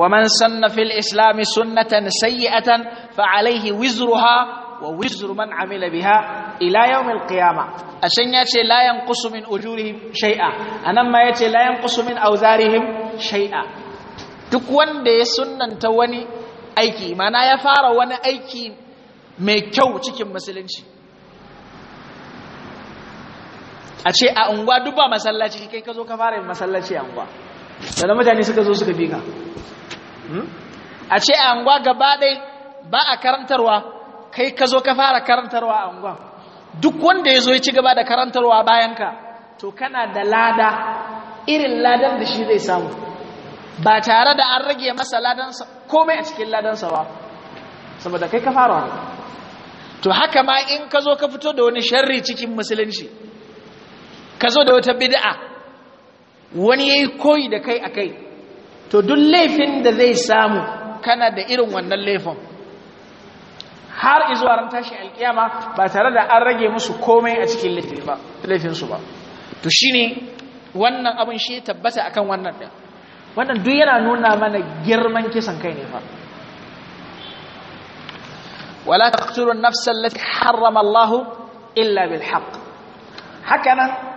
wa man sanna fil islam sunnatan sayyi'atan fa alayhi wizruha wa wizru man amila biha ila yawmil qiyamah ashan yace la yanqusu min ujurihim shay'a anan ma yace la yanqusu min awzarihim shay'a duk wanda ya sunnanta wani aiki mana ya fara wani aiki mai kyau cikin musulunci a ce a unguwa duk masallaci kai ka zo ka fara yin masallaci a unguwa sannan mutane suka zo suka bi ka hmm? a ce a unguwa gaba ɗai ba a karantarwa kai ka zo ka fara karantarwa a unguwa duk wanda ya zo ya ci gaba da karantarwa bayan ka to kana da lada irin ladan da shi zai samu ba tare da an rage masa ladansa komai a cikin ladansa ba saboda kai ka fara to haka ma in ka zo ka fito da wani sharri cikin musulunci ka zo da wata bid'a wani yayi koyi da kai akai to duk laifin da zai samu kana da irin wannan laifin har izuwa ran tashin alkiyama ba tare da an rage musu komai a cikin laifinsu ba to ne wannan abin shi tabbata kan wannan din wannan duk yana nuna mana girman kisan kai ne ba. wala taqtulun nafsan allati haramallahu illa bilhaq. haka hakanan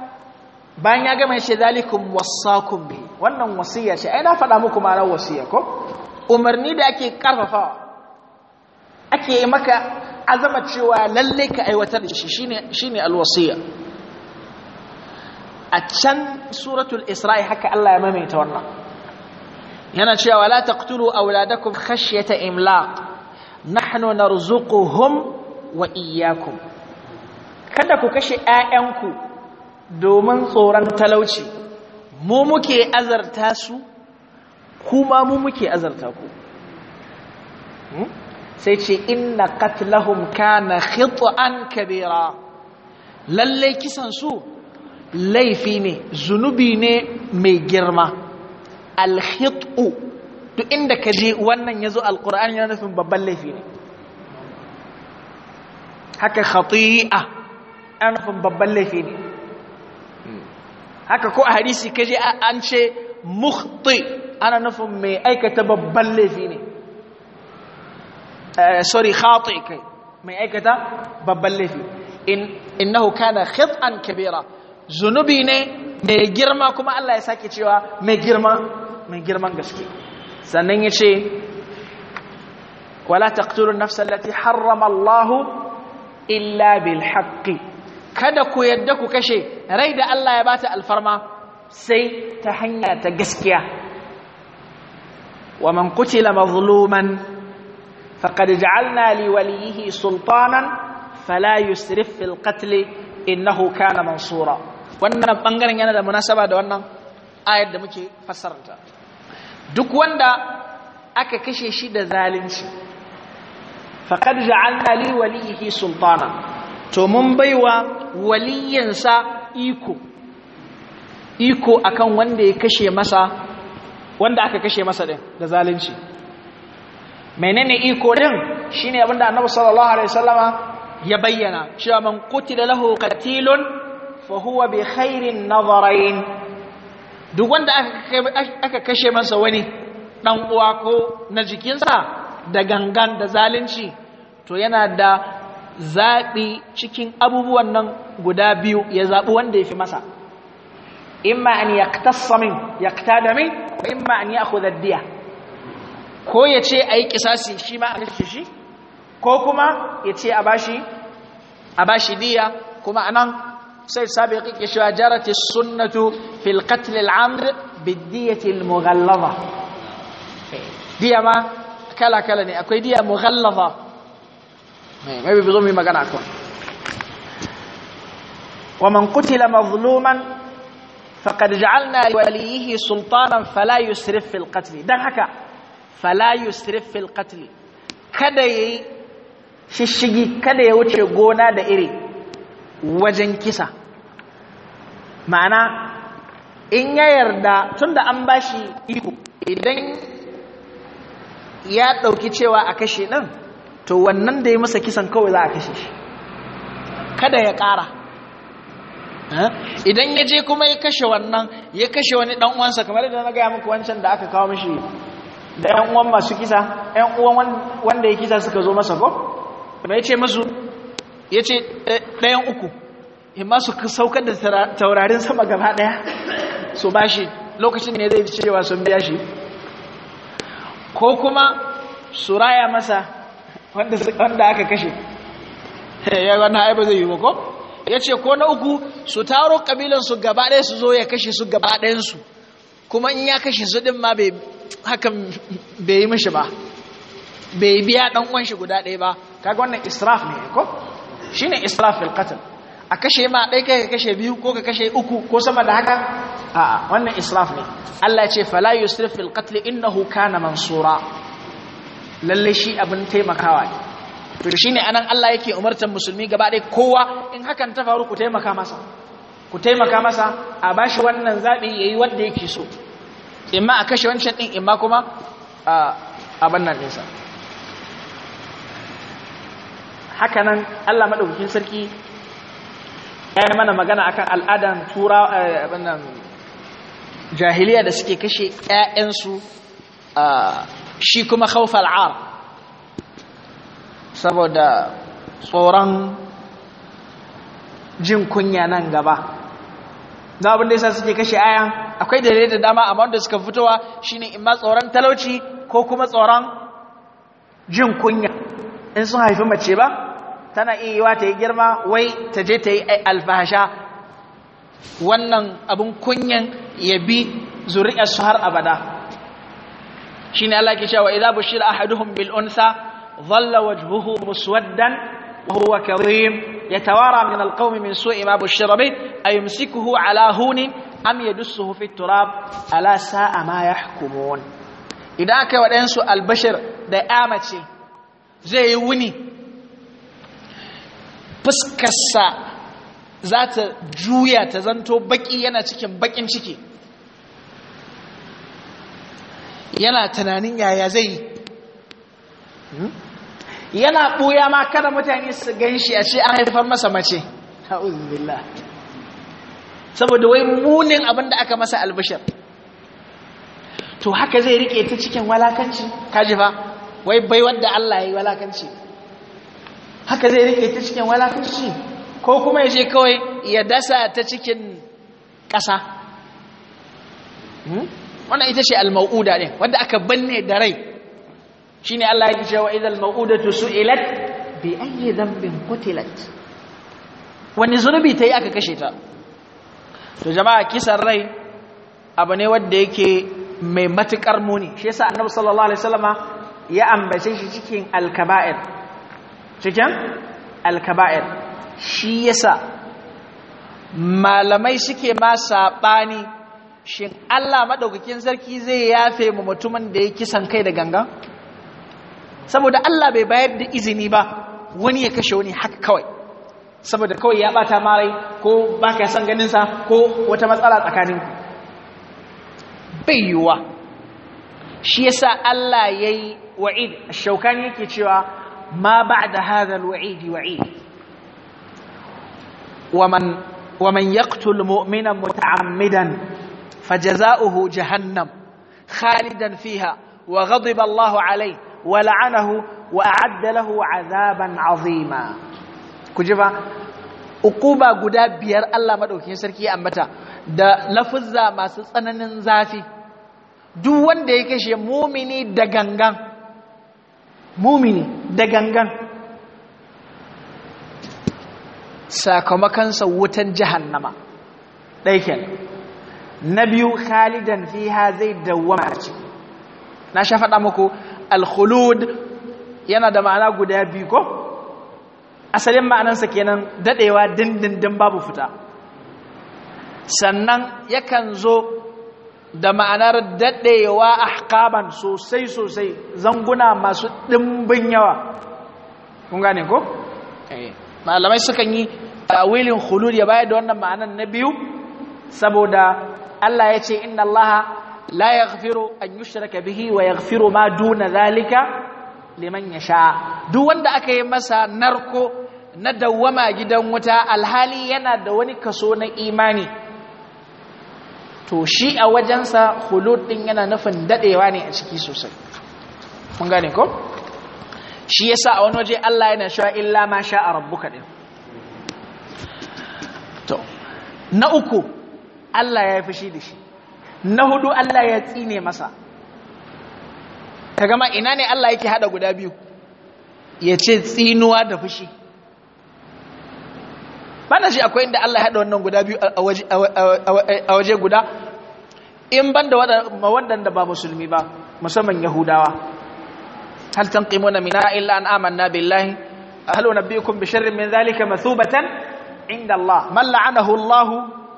bayan ya gama shi zalikum wasakun bi wannan wasiya ce ai na faɗa muku ma ran wasiya ko umarni da ake karfafawa ake yi maka azama cewa lalle ka aiwatar da shi shine alwasiya a can suratul isra'i haka Allah ya maimaita wannan yana cewa la taqtulu awladakum khashyata imlaq nahnu narzuquhum wa iyyakum kada ku kashe ƴaƴanku domin tsoron talauci mu muke azarta su kuma mu muke azarta ku hmm? sai ce inna qatlahum kana khit'an kabira lalle kisan su laifi ne zunubi ne mai girma alkhit'u duk inda ka je wannan yazo alqur'ani yana nufin babban laifi ne haka khati'a ana nufin babban laifi ne haka ko a hadisi kaje an ce mukhti ana nufin mai aikata babban laifi ne sorry khati kai mai aikata babban laifi innahu kana khit'an kabira zunubi ne mai girma kuma Allah ya saki cewa mai girma mai girman gaske sannan ya ce wala taqtulun nafsa allati harrama Allahu illa bil haqqi kada ku yadda ku kashe rai da Allah ya bata alfarma sai ta hanya ta gaskiya wa man qutila mazluman faqad ja'alna li waliyihi sultanan fala yusrif fil qatl innahu kana mansura wannan bangaren yana da munasaba da wannan ayar da muke fassarta duk wanda aka kashe shi da zalunci faqad ja'alna li waliyihi sultanan to mun baiwa waliyansa iko iko akan wanda ya kashe masa wanda aka kashe masa din da zalunci menene iko din shine abinda annabi sallallahu alaihi wasallama ya bayyana cewa man qutila lahu qatilun fa huwa bi khairin nadharain duk wanda aka kashe masa wani dan uwa ko na jikinsa da gangan da zalunci to yana da zaɓi cikin abubuwan nan guda biyu ya zaɓi wanda ya fi masa imma an yaktassa min da min imma an ya'khudha diya ko ya ce ayi kisasi shi ma a kashe shi ko kuma ya ce a bashi a bashi diya kuma a nan sai sabiqi ke cewa jarati sunnatu fil qatl al amr bid mughallaba diya ma kala kala ne akwai diya mughallaba maybe zo mu magana kan wa man qutila mazluman faqad ja'alna waliyihi sultanan fala yusrif fil qatl dan haka fala yusrif fil qatl kada yi shishigi kada ya wuce gona da iri wajen kisa ma'ana in ya yarda tunda an bashi iko idan ya dauki cewa a kashe din to wannan da ya masa kisan kawai za a kashe shi kada ya kara idan ya je kuma ya kashe wannan ya kashe wani dan uwansa kamar da na gaya muku wancan da aka kawo mashi da yan uwan masu kisa yan uwan wanda ya kisa suka zo masa ko kuma ya ce masu ya ce eh, ɗayan uku ya masu saukar da taurarin sama gaba ɗaya su ba shi lokacin ne zai cewa sun biya shi ko kuma su raya masa wanda aka kashe eh, ya wannan ai zai yi ba ko ya ce ko na uku su taro kabilansu gaba ɗaya su zo ya kashe su gaba ɗayansu kuma in ya kashe su ɗin ma hakan bai yi mashi ba bai biya ɗan wanshi shi guda ɗaya ba kaga wannan israf ne ko shine israf fil a kashe ma ɗai kai ka kashe biyu ko ka kashe uku ko sama da haka a wannan israf ne Allah ce fala yusrif fil qatl innahu kana mansura lalle shi abin taimakawa ne to shine anan Allah yake umartar musulmi gaba ɗaya kowa in hakan ta faru ku taimaka masa ku taimaka masa a bashi wannan zabi yayi wanda yake so imma a kashe wancan din imma kuma a abin nan ɗinsa haka nan Allah madaukakin sarki ya mana magana akan al'adan tura eh, abin nan jahiliya da suke kashe ƴaƴansu shi kuma khawf al'ar saboda tsoron jin kunya nan gaba na abin da sa suke kashe aya akwai dalilai da dama amma wanda suka fitowa shine imma tsoron talauci ko kuma tsoron jin kunya in sun haifi mace ba tana iya yiwa ta yi girma wai ta je ta yi alfahasha wannan abin kunyan ya bi zuri'ar su har abada shine Allah ke cewa idza bushira ahaduhum bil unsa dhalla wajhuhu muswaddan wa huwa karim yatawara min al qawmi min su'i ma bushira bih ayumsikuhu ala huni am yadussuhu fit turab ala sa'a ma yahkumun idan aka waɗansu albashar da amace zai yi wuni fuskarsa za ta juya ta zanto baki yana cikin bakin ciki yana tunanin yaya zai hmm? yana ɓuya ma kada mutane su gan shi a ce an haifar masa mace saboda wai munin abin da aka masa albishir to haka zai rike ta cikin walakanci kaji fa wai bai wadda Allah ya yi walakanci haka zai rike ta cikin walakanci ko kuma ya je kawai ya dasa ta cikin ƙasa hmm? wannan ita ce al-mau'uda ne, wanda aka banne da rai shine Allah yake cewa idal mau'udatu su'ilat bi ayyi dhanbin qutilat wani zunubi tayi aka kashe ta to jama'a kisan rai abu ne wanda yake mai matukar muni shi yasa annabi sallallahu alaihi wasallama ya ambace shi cikin al-kaba'ir cikin al-kaba'ir shi yasa malamai suke ma saɓani shin Allah maɗaukakin sarki zai yafe mu mutumin da ya kisan kai da ganga saboda Allah bai bayar da izini ba wani ya kashe wani haka kawai saboda kawai ya ɓata marai ko baka ka san ganinsa ko wata matsala tsakanin bai yiwuwa shi yasa Allah ya yi wa'id shaukani yake cewa ma ba da hadal wa'idi wa'id wa man yaqtul mu'minan muta'ammidan فجزاؤه جهنم خالدا فيها وغضب الله عليه ولعنه وأعد له عذابا عظيما كجبا uquba guda biyar Allah madaukakin sarki ya ambata da lafuzza masu tsananin zafi duk wanda ya kashe mumini da gangan mumini da gangan sakamakansa wutan jahannama ɗaya na biyu khalidan fiha zai dawwama ci. na sha faɗa muku al-khulud yana da ma'ana guda biyu ko asalin sa kenan dadewa dindindin babu fita sannan yakan zo da ma'anar dadewa ahkaman sosai sosai zanguna masu dimbin yawa kun gane ko eh, malamai sukan yi tawilin khulud ya bayar da wannan ma'anar na biyu saboda Allah ya ce inna Allah la yaghfiru an yushraka bihi wa yaghfiru ma duna zalika liman yasha duk wanda aka yi masa narko na dawwama gidan wuta alhali yana da wani kaso na imani to shi a wajensa hulud din yana nufin dadewa ne a ciki sosai mun gane ko shi yasa a wani waje Allah yana sha illa ma sha a rabbuka din to na uku Allah ya yi fushi da shi na hudu Allah ya tsine masa ka gama ina ne Allah yake hada guda biyu ya ce tsinuwa da fushi bana shi akwai inda Allah ya hada wannan guda biyu a waje guda in ban da waɗanda ba musulmi ba musamman yahudawa hal tanqimuna mina illa an amanna billahi hal nabiyukum bi sharrin min zalika mathubatan inda Allah man la'anahu Allah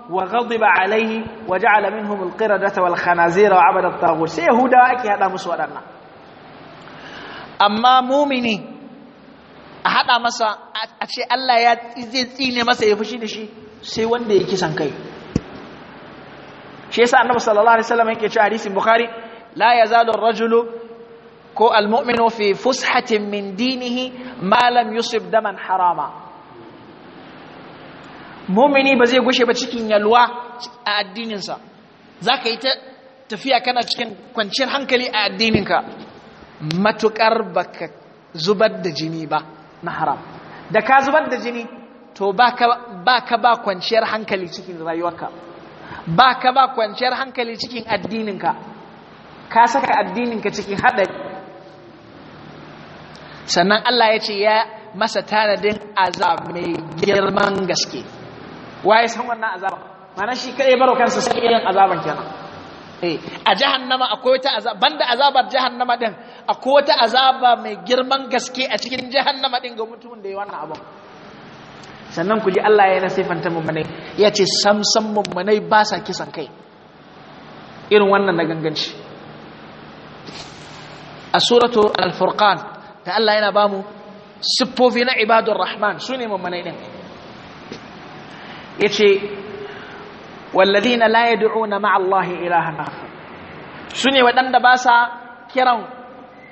Wa وغضب عليه وجعل منهم القردة والخنازير وعبد الطاغوت سي Yahudawa ake hada musu wadannan amma mumini a hada masa a ce Allah ya zai tsine masa ya fushi da shi sai wanda ya kisan kai shi yasa annabi sallallahu alaihi wasallam yake cewa hadisin bukhari la yazalu ar-rajulu ko al-mu'minu fi fushatin min dinihi ma Yusuf daman harama mumini ba zai gushe ba cikin yalwa a addininsa za ka yi ta tafiya kana cikin kwanciyar hankali a addininka matuƙar ba ka zubar da jini ba na haram da ka zubar da jini to ba ka ba kwanciyar hankali cikin rayuwarka ba ka ba kwanciyar hankali cikin addininka ka saka addininka cikin haɗari sannan Allah ya ce ya masa tanadin azab mai girman gaske waye san wannan azaban mana shi kai baro kansa sai irin azaban kenan eh a jahannama akwai wata azaba banda azabar jahannama din akwai wata azaba mai girman gaske a cikin jahannama din ga mutumin da ya wannan abun sannan ku ji Allah ya yana sifanta bane ya ce samsan bane ba sa kisan kai irin wannan na ganganci a suratu al-furqan da Allah yana ba mu siffofi na ibadur rahman su ne bane din yace walladina la yad'una ma'a allahi ilahan akhar sune waɗanda ba sa kiran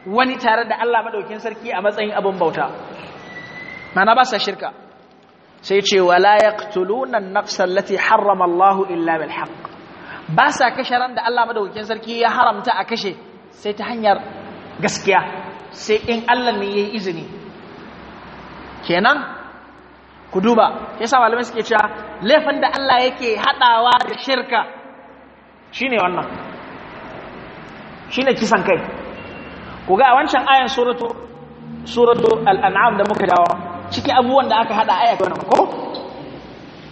wani tare da Allah madaukin sarki a matsayin abin bauta mana ba sa shirka sai ce wala yaqtuluna an-nafsa allati harrama Allahu illa bil haqq ba sa kashe ran da Allah madaukakin sarki ya haramta a kashe sai ta hanyar gaskiya sai in Allah ne yayi izini kenan ku duba yasa malamai suke cewa laifin da Allah yake hadawa da shirka shine wannan shine kisan kai ku ga a wancan ayan suratu suratu al-an'am da muka dawo ciki abubuwan da aka hada aya wannan ko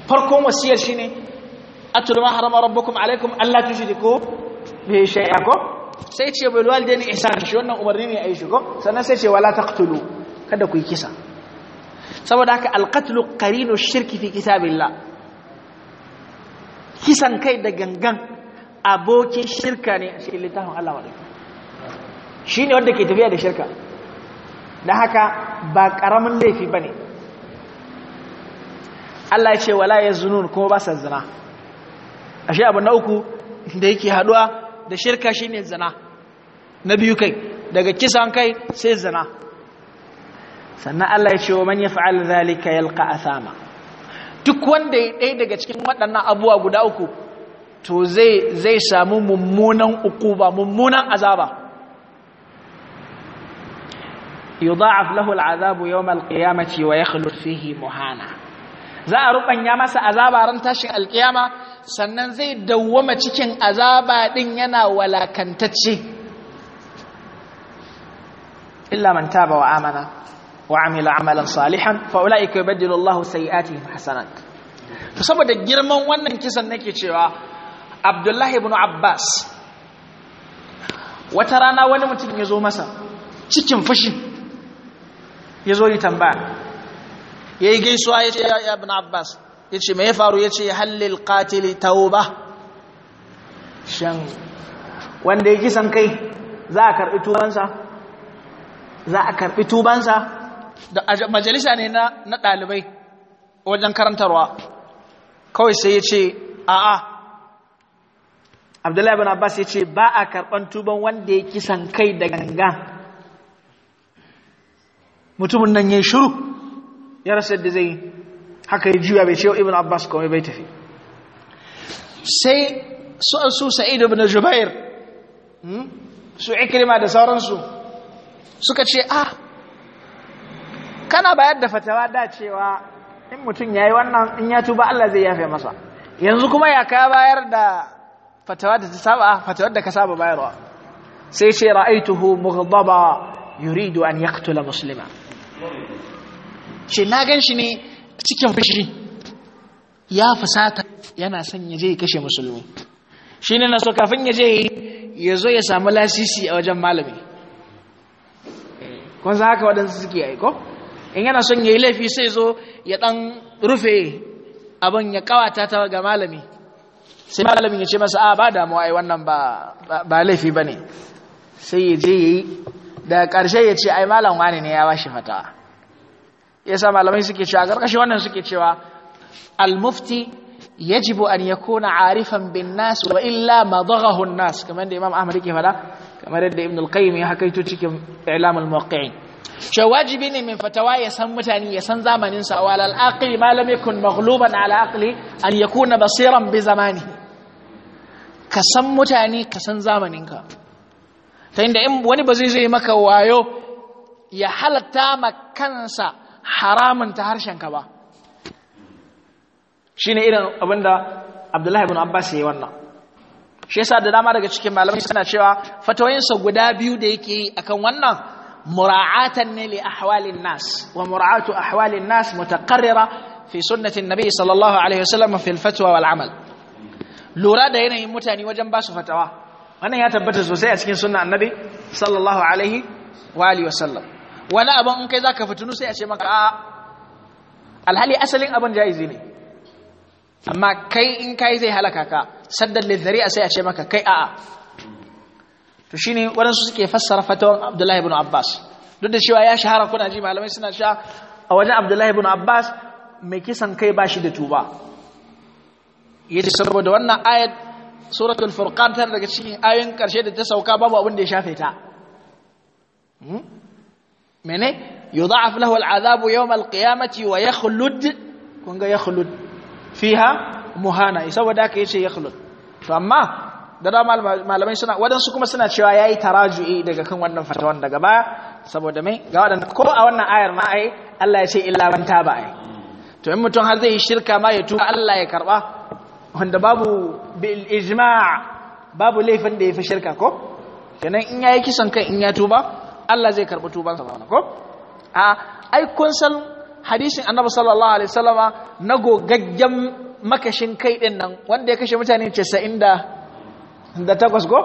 farkon wasiyar shine atul ma harama rabbukum alaikum alla tushriku bi shay'a ko sai ce bil walidaini ihsan shi wannan umarni ne ayi shi ko sannan sai ce wala taqtulu kada ku yi kisa saboda haka alƙatlu ƙarinu shirki fi kitabillah kisan kai da gangan abokin shirka ne a cikin littafin Allah wa shi ne wanda ke tafiya da shirka da haka ba ƙaramin laifi ba ne Allah ya ce wala ya kuma ba sa zina ashe abu na uku da yake haɗuwa da shirka shi ne zina na biyu kai daga kisan kai sai zina sannan Allah ya ce wa man yaf'al zalika a sama. duk wanda ya dai daga cikin waɗannan abuwa guda uku to zai samu mummunan ukuba mummunan azaba yudha'af lahu al'azabu yawm al-qiyamati wa fihi muhana za a rubanya masa azaba ran tashin alkiyama sannan zai dawwama cikin azaba din yana walakantacce illa man taba wa amana وعمل عملا صالحا فاولئك يبدل الله hasanat to saboda girman wannan kisan nake cewa abdullahi ibn abbas wata rana wani mutum ya zo masa cikin fushi ya zo yi tambaya ya yi gaisuwa ya ce ya ibn abbas ya ce mai faru ya ce hallil katili tauba shan wanda ya kisan kai za a karbi tubansa za a karbi tubansa majalisa ne na ɗalibai. dalibai wajen karantarwa kawai sai ya ce a'a Abdullahi bin Abbas ya ce ba a karɓan tuban wanda ya kisan kai da ganga mutumin nan ya shiru ya rasa da zai haka ya juya bai ce ibn Abbas kawai bai tafi sai su su sa'id ibn Jubair hmm, su ikrima da sauransu suka ce ah kana bayar da fatawa da cewa in mutum ya yi wannan in ya tuba Allah zai yafe masa yanzu kuma ya ka bayar da fatawa da ta saba fatawar da ka saba bayarwa sai ce ra'aituhu mughdaba yuridu an yaqtula muslima ce na gan shi ne cikin fushi ya fusata yana son ya je kashe musulmi shine na so kafin ya je ya zo ya samu lasisi a wajen malami kun za haka waɗansu suke aiko in yana son ya yi laifi sai zo ya ɗan rufe abin ya kawata ta ga malami sai malamin ya ce masa a ah, ba damuwa ai wannan ba laifi ba ne sai ya je ya yi da ƙarshe ya ce ai malam wani ne ya bashi fatawa ya malamai suke cewa ƙarƙashin wannan suke cewa almufti yajibu an yakuna arifan bin nas wa illa ma an nas kamar da imam ahmad yake fada kamar da ibn al-qayyim ya hakaito cikin i'lam al ce wajibi ne mai fatawa ya san mutane ya san zamanin sa wal al-aqil ma kun maghluban ala aqli an yakuna basiran bi zamani ka san mutane ka san zamanin ka ta inda wani ba zai zai maka wayo ya halatta ma kansa haramun ta harshen ka ba shine irin abinda Abdullahi ibn Abbas yayi wannan shi yasa da dama daga cikin malamai suna cewa fatawoyinsa guda biyu da yake yi akan wannan مراعاة لأحوال الناس ومراعاة أحوال الناس متقررة في سنة النبي صلى الله عليه وسلم في الفتوى والعمل لورادة هنا يموتاني يعني وجنب فتوى وانا يتبتز وسيئة سكين سنة النبي صلى الله عليه وآله وسلم وانا أبا أنك ذاك فتنو سيئة شمك آه. الهالي أسلين أبا جائزيني أما كي إنك إذي هلكك سدد للذريع سيئة شمك كي آآ آه. to shine waɗansu suke fassara fatawan abdullahi ibn abbas duk da cewa ya shahara kuna ji malamai suna sha a wajen abdullahi ibn abbas mai kisan kai ba shi da tuba ya ce saboda wannan ayat suratul furqan tana daga cikin ayoyin karshe da ta sauka babu abin da ya shafe ta hmm? mene yudha'af lahu al'adabu yawm al-qiyamati wa yakhlud kun ga yakhlud fiha muhana saboda haka yace yakhlud to amma da dama malamai suna waɗansu kuma suna cewa ya yi taraju'i daga kan wannan fatawan daga gaba saboda mai ga waɗanda ko a wannan ayar ma ai Allah ya ce illa man taba ai to in mutum har zai yi shirka ma ya tuba Allah ya karba wanda babu bil ijma' babu laifin da ya fi shirka ko kenan in yayi kisan kai in ya tuba Allah zai karbi tubansa ko a ai kun san hadisin annabi sallallahu alaihi wasallama na gogaggen makashin kai din nan wanda ya kashe mutane 90 da da takwas go,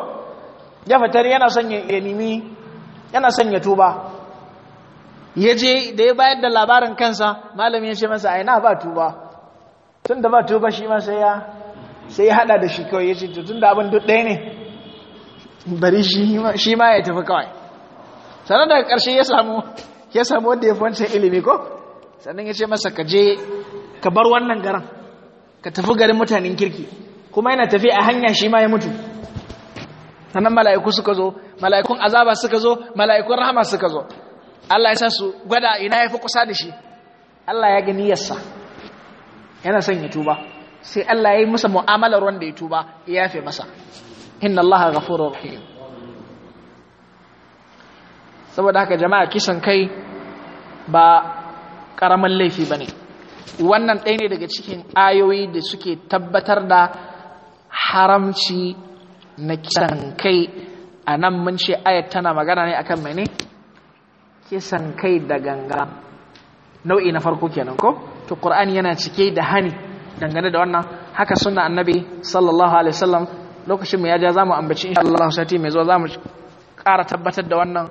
ya fitar yana son ya nemi yana son ya tuba ya je da ya bayar da labarin kansa malamin ya ce masa "A yana ba tuba tun da ba tuba shi ma sai ya sai ya hada da shi kawai ya ce tun da abin duk ɗaya ne bari shi ma ya tafi kawai sannan daga ƙarshe ya samu ya samu wanda ya fi wancan ilimi ko sannan ya ce masa ka je ka bar wannan garin ka tafi garin mutanen kirki kuma yana tafi a hanya shi ma ya mutu sannan mala'iku suka zo mala'ikun azaba suka zo mala'ikun rahama suka zo Allah ya sa su gwada ina ya fi kusa da shi Allah ya gani yassa yana son ya tuba sai Allah ya yi masa mu'amalar wanda ya tuba ya yafe masa inna Allah ghafurur rahim saboda haka jama'a kisan kai ba ƙaramin laifi bane wannan ɗaya ne daga cikin ayoyi da suke tabbatar da haramci na kisan kai a nan mun ce ayat tana magana ne akan mene kisan kai da ganga nau'i na farko kenan ko to qur'ani yana cike da hani dangane da wannan haka sunna annabi sallallahu alaihi wasallam lokacin mu ya ja zamu ambaci insha Allah sati mai zuwa zamu ƙara tabbatar da wannan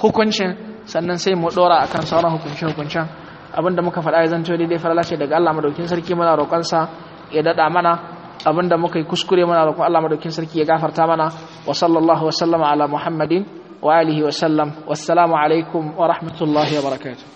hukuncin sannan sai mu dora akan sauran hukunci hukuncen abinda muka faɗa ya zanto daidai farala ce daga Allah madaukin sarki muna roƙonsa ya dada mana abinda muka yi kuskure mana roƙon Allah madaukin sarki ya gafarta mana wa sallallahu wa sallama ala muhammadin wa alihi wa sallam wassalamu alaikum wa rahmatullahi wa barakatuh